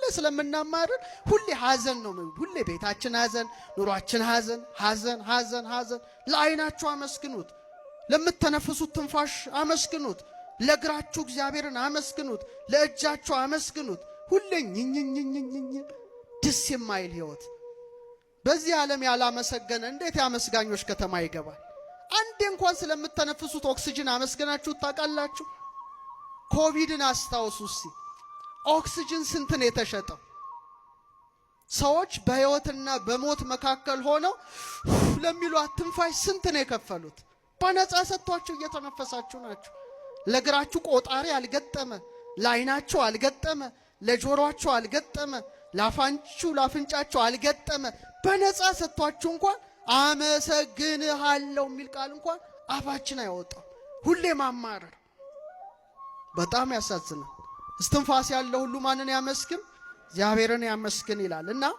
ሁሌ ስለምናማርን ሁሌ ሀዘን ነው። ሁሌ ቤታችን ሀዘን፣ ኑሯችን ሀዘን፣ ሀዘን፣ ሀዘን፣ ሀዘን። ለአይናችሁ አመስግኑት፣ ለምትተነፍሱት ትንፋሽ አመስግኑት፣ ለእግራችሁ እግዚአብሔርን አመስግኑት፣ ለእጃችሁ አመስግኑት። ሁሌ ኝኝኝኝኝኝ ደስ የማይል ህይወት በዚህ ዓለም ያላመሰገነ እንዴት የአመስጋኞች ከተማ ይገባል? አንዴ እንኳን ስለምትተነፍሱት ኦክስጅን አመስገናችሁ ታውቃላችሁ? ኮቪድን አስታውሱ እስቲ። ኦክስጅን ስንት ነው የተሸጠው? ሰዎች በህይወትና በሞት መካከል ሆነው ለሚሉ አትንፋሽ ስንት ነው የከፈሉት? በነፃ ሰጥቷቸው እየተነፈሳችሁ ናችሁ። ለእግራችሁ ቆጣሪ አልገጠመ፣ ለአይናችሁ አልገጠመ፣ ለጆሮአችሁ አልገጠመ፣ ላፋንችሁ ላፍንጫችሁ አልገጠመ። በነፃ ሰጥቷችሁ እንኳን አመሰግንሃለሁ የሚል ቃል እንኳን አፋችን አይወጣም። ሁሌ ማማረር በጣም ያሳዝናል። እስትንፋስ ያለ ሁሉ ማንን ያመስግን? እግዚአብሔርን ያመስግን ይላል እና